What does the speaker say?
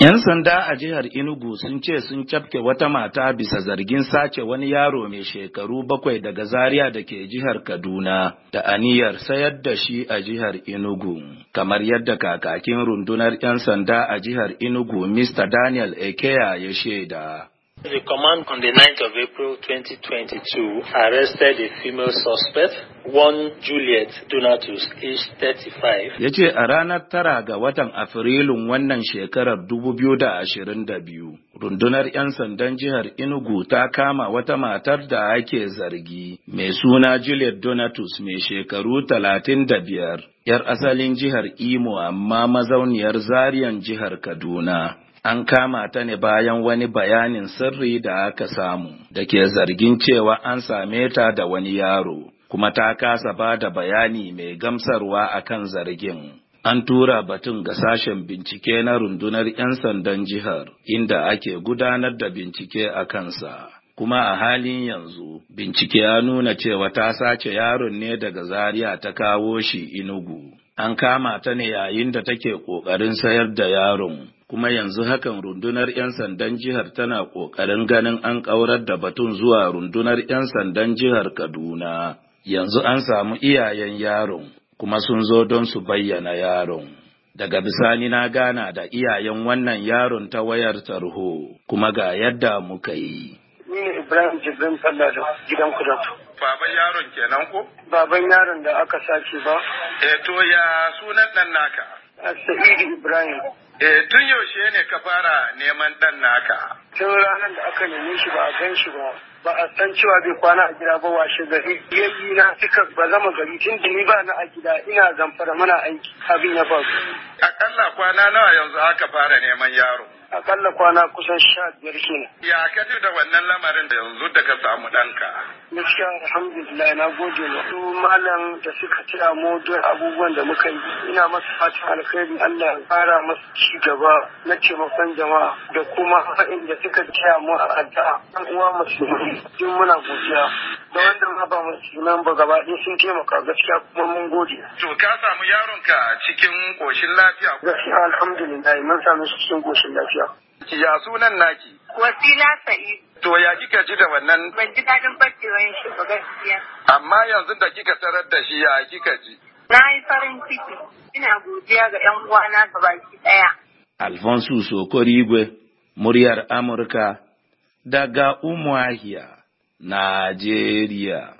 'Yan sanda a jihar Enugu sun ce sun cafke wata mata bisa zargin sace wani yaro mai shekaru bakwai daga Zaria da ke jihar Kaduna da aniyar sayar da shi a jihar Enugu. Kamar yadda kakakin rundunar 'yan sanda a jihar Enugu Mr. Daniel Ekeya ya shaida. The command on the 9th of April 2022 arrested a female suspect, one Juliet Donatus, age 35. Ya ce a ranar tara ga watan Afrilun wannan shekarar 2022, rundunar 'yan sandan jihar Enugu ta kama wata matar da ake zargi mai suna Juliet Donatus mai shekaru 35, 'yar asalin jihar Imo amma mazauniyar zariyan jihar Kaduna. an kama ta ne bayan wani bayanin sirri da aka samu da ke zargin cewa an same ta da wani yaro kuma ta kasa ba da bayani mai gamsarwa akan zargin an tura batun ga sashen bincike na rundunar 'yan sandan jihar inda ake gudanar da bincike a kansa kuma a halin yanzu bincike ya nuna cewa ta sace yaron ne daga zaria ta kawo shi inugu an kama ta ne yayin da take ƙoƙarin sayar da yaron kuma yanzu hakan rundunar 'yan sandan jihar tana ƙoƙarin ganin an ƙaurar da batun zuwa rundunar 'yan sandan jihar Kaduna. Yanzu an samu iyayen yaron kuma sun zo don su bayyana yaron. Daga bisani na gana da iyayen wannan yaron ta wayar tarho kuma ga yadda muka yi. Baban yaron kenan ko? Baban yaron da aka sace ba. Eto eh, ya sunan nan naka? Sa'idu Ibrahim. Eh tun yaushe ne ka fara neman dan naka? Tun ranar da aka neme shi ba a gan shi ba. Ba a san cewa bai kwana a gida ba washe gari. Yayi na suka ba zama gari tun da ni ba na a gida ina zamfara mana aiki abin ya faru. Akalla kwana nawa yanzu aka fara neman yaro? akalla kwana kusan sha biyar kenan. Ya ka da wannan lamarin da yanzu da ka samu ɗanka? Gaskiya alhamdulillah na gode wa su malam da suka ci mu don abubuwan da muka yi. Ina masa fatan alkhairi Allah ya fara masa ci gaba na taimakon jama'a da kuma inda suka ci mu a addu'a. Ɗan uwa musulmi duk muna godiya. da wanda ma ba sunan ba gaba ɗaya sun taimaka gaskiya kuma mun gode. To ka samu yaronka cikin ƙoshin lafiya? Gaskiya alhamdulillah mun samu shi cikin ƙoshin lafiya. Ya sunan naki? Wasila Sa'idu. To ya kika ji da wannan? Ban ji daɗin barkewan shi ba gaskiya. Amma yanzu da kika tarar da shi ya kika ji? Na yi farin ciki. Ina godiya ga 'yan uwana baki ɗaya. Alfonso Sokorigwe, muryar Amurka, daga Umuahia. Nigeria.